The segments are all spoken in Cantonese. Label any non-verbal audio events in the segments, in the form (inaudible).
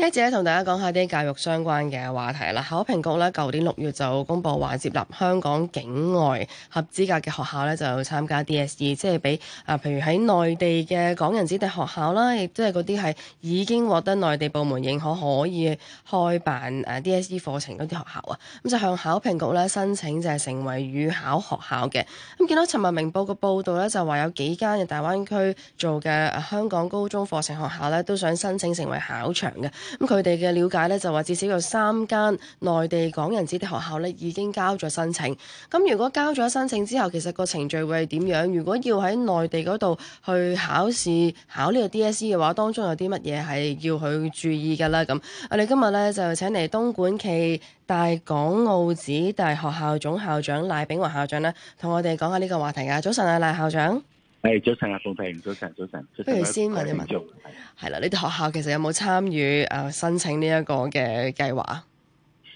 呢次同大家講下啲教育相關嘅話題啦。考評局咧舊年六月就公佈話接納香港境外合資格嘅學校咧就參加 DSE，即係俾啊，譬如喺內地嘅港人子弟學校啦，亦都係嗰啲係已經獲得內地部門認可可以開辦 DSE 課程嗰啲學校啊。咁就向考評局咧申請就係成為預考學校嘅。咁見到尋日明報嘅報導咧就話有幾間嘅大灣區做嘅香港高中課程學校咧都想申請成為考場嘅。咁佢哋嘅了解咧就話，至少有三間內地港人子弟學校咧已經交咗申請。咁如果交咗申請之後，其實個程序會係點樣？如果要喺內地嗰度去考試考呢個 DSE 嘅話，當中有啲乜嘢係要去注意㗎啦。咁，我哋今日咧就請嚟東莞暨大港澳子弟學校總校長賴炳華校長咧，同我哋講下呢個話題啊！早晨啊，賴校長。係，早晨啊，炳華早晨，早晨，早晨早晨。不如先問一問，係啦做，你哋學校其實有冇參與誒申請呢一個嘅計劃啊？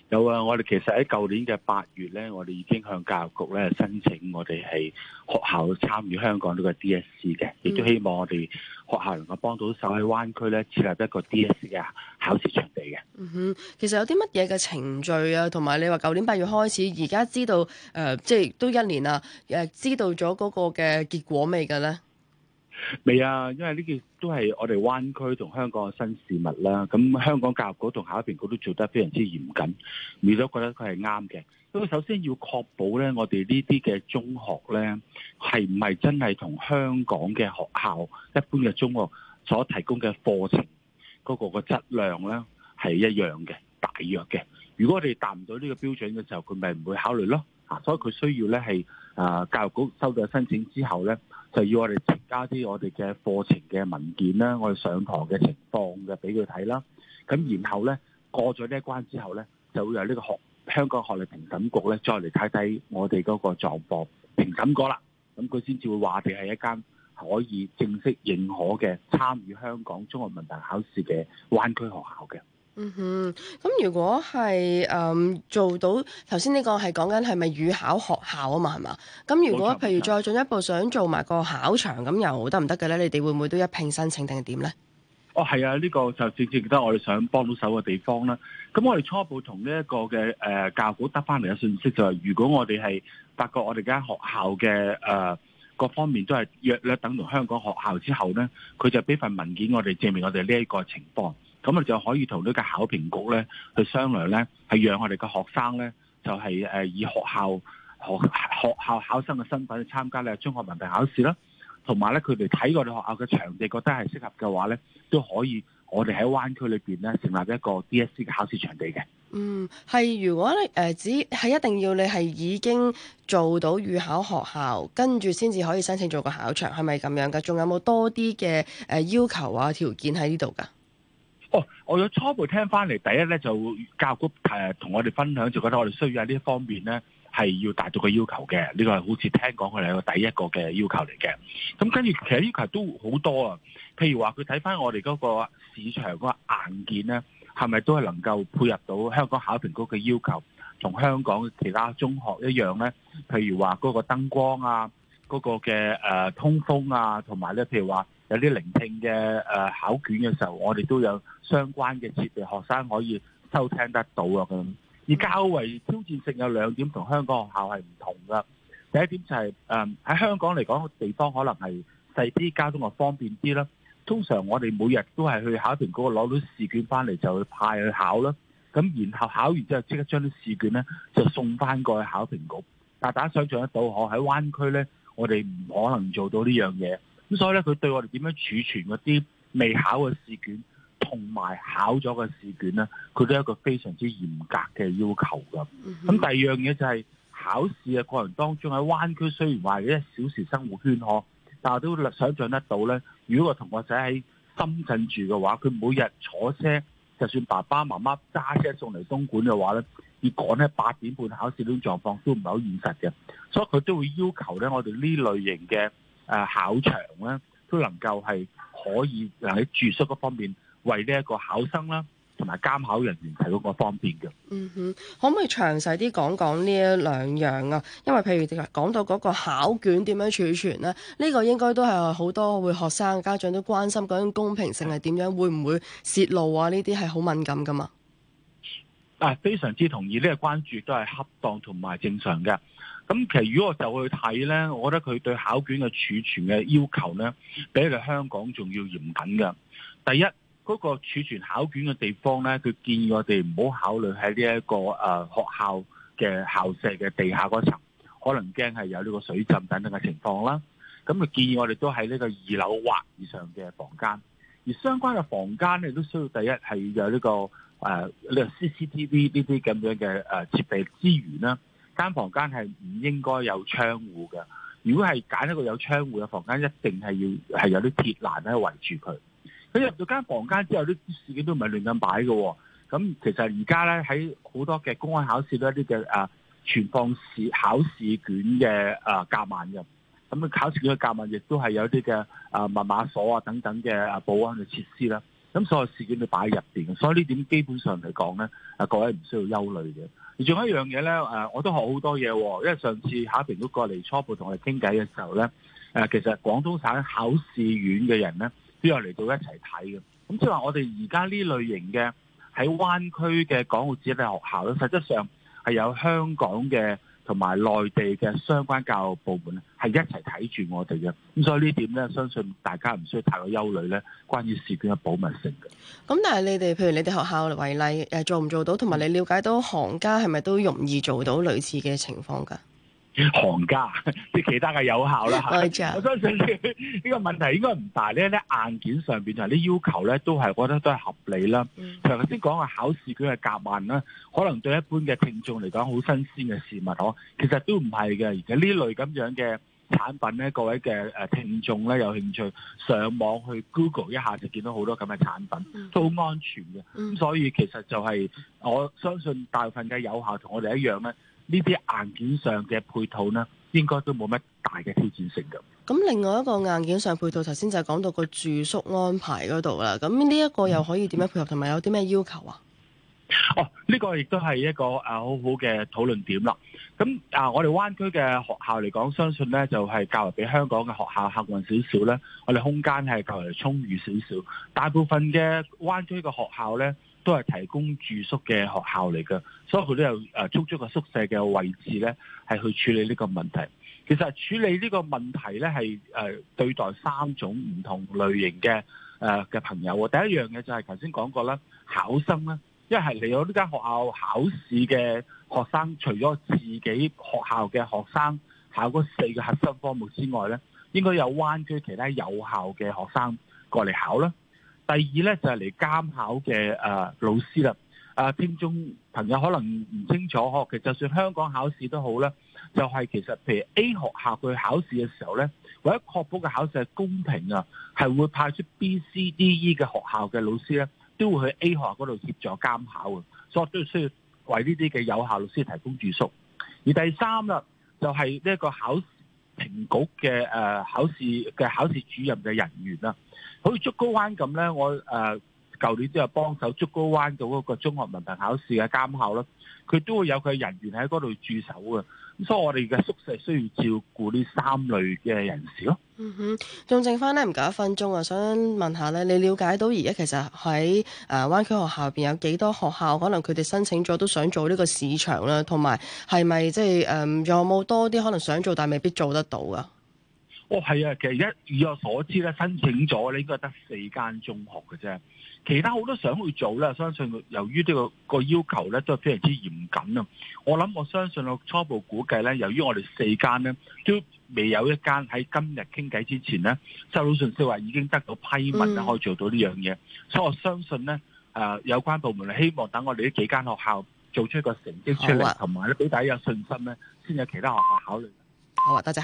有啊，我哋其實喺舊年嘅八月咧，我哋已經向教育局咧申請，我哋係學校參與香港呢個 D S C 嘅，亦都希望我哋學校能夠幫到手喺灣區咧設立一個 D S C 嘅考試場地嘅。嗯哼，其實有啲乜嘢嘅程序啊，同埋你話舊年八月開始，而家知道誒、呃，即係都一年啦。誒，知道咗嗰個嘅結果未嘅咧？未啊，因為呢件都係我哋灣區同香港嘅新事物啦。咁香港教育局同考評局都做得非常之嚴謹，而都覺得佢係啱嘅。因為首先要確保咧，我哋呢啲嘅中學咧係唔係真係同香港嘅學校一般嘅中學所提供嘅課程嗰個個質量咧？係一樣嘅，大約嘅。如果我哋達唔到呢個標準嘅時候，佢咪唔會考慮咯。所以佢需要咧係，啊，教育局收到申請之後咧，就要我哋加啲我哋嘅課程嘅文件啦，我哋上堂嘅情況嘅俾佢睇啦。咁然後咧過咗呢一關之後咧，就會有呢個學香港學歷評審局咧再嚟睇睇我哋嗰個狀況評審過啦。咁佢先至會話哋係一間可以正式認可嘅參與香港中學文憑考試嘅灣區學校嘅。嗯哼，咁如果係誒、嗯、做到頭先呢個係講緊係咪預考學校啊嘛，係嘛？咁如果錯譬如再進一步想做埋個考場咁又好得唔得嘅咧？你哋會唔會都一併申請定係點咧？呢哦，係啊，呢、這個就正正得我哋想幫到手嘅地方啦。咁我哋初步同呢一個嘅誒教育局得翻嚟嘅信息就係、是，如果我哋係發覺我哋間學校嘅誒、呃、各方面都係約略等同香港學校之後咧，佢就俾份文件我哋證明我哋呢一個情況。咁你就可以同呢個考評局咧去商量咧，係讓我哋嘅學生咧，就係誒以學校學，學校考生嘅身份去參加咧中學文憑考試啦。同埋咧，佢哋睇我哋學校嘅場地，覺得係適合嘅話咧，都可以我哋喺灣區裏邊咧成立一個 D.S.C 嘅考試場地嘅。嗯，係如果你誒只係一定要你係已經做到預考學校，跟住先至可以申請做個考場，係咪咁樣噶？仲有冇多啲嘅誒要求啊條件喺呢度噶？哦，我有初步聽翻嚟，第一咧就教育局、呃、同我哋分享，就覺得我哋需要喺呢方面咧係要達到個要求嘅。呢、這個係好似聽講佢哋係個第一個嘅要求嚟嘅。咁跟住其實要求都好多啊，譬如話佢睇翻我哋嗰個市場個硬件咧，係咪都係能夠配合到香港考評局嘅要求，同香港其他中學一樣咧？譬如話嗰個燈光啊，嗰、那個嘅、呃、通風啊，同埋咧譬如話。有啲聆聽嘅誒考卷嘅時候，我哋都有相關嘅設備，學生可以收聽得到啊咁。而較為挑戰性有兩點，同香港學校係唔同噶。第一點就係誒喺香港嚟講，地方可能係細啲，交通又方便啲啦。通常我哋每日都係去考評局攞到試卷翻嚟就派去考啦。咁然後考完之後即刻將啲試卷呢就送翻過去考評局。但大家想象得到，我喺灣區呢，我哋唔可能做到呢樣嘢。所以咧，佢對我哋點樣儲存嗰啲未考嘅試卷，同埋考咗嘅試卷呢，佢都係一個非常之嚴格嘅要求噶。咁第二樣嘢就係考試嘅過程當中，喺灣區雖然話一小時生活圈，但係都想象得到呢：如果個同學仔喺深圳住嘅話，佢每日坐車，就算爸爸媽媽揸車送嚟東莞嘅話呢，要趕喺八點半考試呢種狀況，都唔係好現實嘅。所以佢都會要求呢，我哋呢類型嘅。誒、啊，考場咧都能夠係可以，喺住宿嗰方面，為呢一個考生，啦，同埋監考人員提供個方便嘅。嗯哼，可唔可以詳細啲講講呢一兩樣啊？因為譬如講到嗰個考卷點樣儲存咧，呢、這個應該都係好多會學生嘅家長都關心嗰種公平性係點樣，會唔會泄露啊？呢啲係好敏感㗎嘛？但啊，非常之同意呢、這個關注都係恰當同埋正常嘅。咁其實如果我就去睇咧，我覺得佢對考卷嘅儲存嘅要求咧，比起香港仲要嚴謹嘅。第一，嗰、那個儲存考卷嘅地方咧，佢建議我哋唔好考慮喺呢一個誒、呃、學校嘅校舍嘅地下嗰層，可能驚係有呢個水浸等等嘅情況啦。咁就建議我哋都喺呢個二樓或以上嘅房間，而相關嘅房間咧，都需要第一係有呢、這個誒呢、呃這個 CCTV 呢啲咁樣嘅誒設備資源啦。間房間係唔應該有窗戶嘅。如果係揀一個有窗戶嘅房間，一定係要係有啲鐵欄咧圍住佢。佢入咗間房間之後，啲試卷，都唔係亂咁擺嘅。咁、嗯、其實而家咧喺好多嘅公開考試都有一啲嘅啊存放試考試卷嘅啊夾萬嘅。咁啊、嗯、考試卷嘅夾萬亦都係有啲嘅啊密碼鎖啊等等嘅保安嘅設施啦。咁所有事件都擺喺入面，嘅，所以呢點基本上嚟講咧，啊各位唔需要憂慮嘅。而仲有一樣嘢咧，我都學好多嘢喎，因為上次考評都過嚟初步同我哋傾偈嘅時候咧，其實廣東省考試院嘅人咧都有嚟到一齊睇嘅。咁即係話我哋而家呢類型嘅喺灣區嘅港澳子弟學校咧，實質上係有香港嘅。同埋內地嘅相關教育部門係一齊睇住我哋嘅，咁所以呢點咧，相信大家唔需要太過憂慮咧，關於試卷嘅保密性嘅。咁但係你哋，譬如你哋學校為例，誒做唔做到，同埋你了解到行家係咪都容易做到類似嘅情況㗎？行家，即係其他嘅有效啦嚇， (laughs) (laughs) 我相信呢個問題應該唔大，呢啲硬件上邊同啲要求咧，都係覺得都係合理啦。頭先講嘅考試，佢嘅夾萬啦，可能對一般嘅聽眾嚟講好新鮮嘅事物嗬，其實都唔係嘅。而且呢類咁樣嘅產品咧，各位嘅誒聽眾咧有興趣，上網去 Google 一下就見到好多咁嘅產品，嗯、都好安全嘅。所以其實就係、是、我相信大部分嘅有效同我哋一樣咧。呢啲硬件上嘅配套呢，應該都冇乜大嘅挑戰性。咁另外一個硬件上配套，頭先就係講到個住宿安排嗰度啦。咁呢一個又可以點樣配合，同埋、嗯、有啲咩要求啊？哦，呢、這個亦都係一個誒好好嘅討論點啦。咁啊，我哋灣區嘅學校嚟講，相信呢就係較為比香港嘅學校幸運少少呢。我哋空間係較為充裕少少。大部分嘅灣區嘅學校呢，都係提供住宿嘅學校嚟嘅，所以佢都有誒充足嘅宿舍嘅位置呢係去處理呢個問題。其實處理呢個問題呢係誒、呃、對待三種唔同類型嘅誒嘅朋友。第一樣嘅就係頭先講過啦，考生啦，因為係嚟到呢間學校考試嘅學生，除咗自己學校嘅學生考嗰四個核心科目之外呢，應該有灣區其他有效嘅學生過嚟考啦。第二咧就係嚟監考嘅誒老師啦，啊聽眾朋友可能唔清楚，呵，其實就算香港考試都好咧，就係、是、其實譬如 A 學校去考試嘅時候咧，為咗確保個考試係公平啊，係會派出 B、C、D、E 嘅學校嘅老師咧，都會去 A 學校嗰度協助監考嘅，所以我都需要為呢啲嘅有效老師提供住宿。而第三啦，就係呢一個考評局嘅誒考試嘅考試主任嘅人員啦。好似竹篙灣咁咧，我誒舊年都有幫手竹篙灣到嗰個中學文憑考試嘅監考咯，佢都會有佢嘅人員喺嗰度駐守嘅，所以我哋嘅宿舍需要照顧呢三類嘅人士咯。嗯哼，仲剩翻咧唔夠一分鐘啊，想問下咧，你了解到而家其實喺誒灣區學校入邊有幾多學校可能佢哋申請咗都想做呢個市場啦，同埋係咪即係誒有冇、就是、多啲可能想做但係未必做得到啊？哦，係啊，其實而家以我所知咧，申請咗咧應該得四間中學嘅啫，其他好多想去做咧，相信由於呢、呢個、呢個要求咧都係非常之嚴謹啊。我諗我相信我初步估計咧，由於我哋四間咧都未有一間喺今日傾偈之前咧收到信息，係話已經得到批文啦，嗯、可以做到呢樣嘢。所以我相信咧，誒有關部門希望等我哋呢幾間學校做出一個成績出嚟，同埋咧俾大家有信心咧，先有其他學校考慮。好啊，多謝，謝。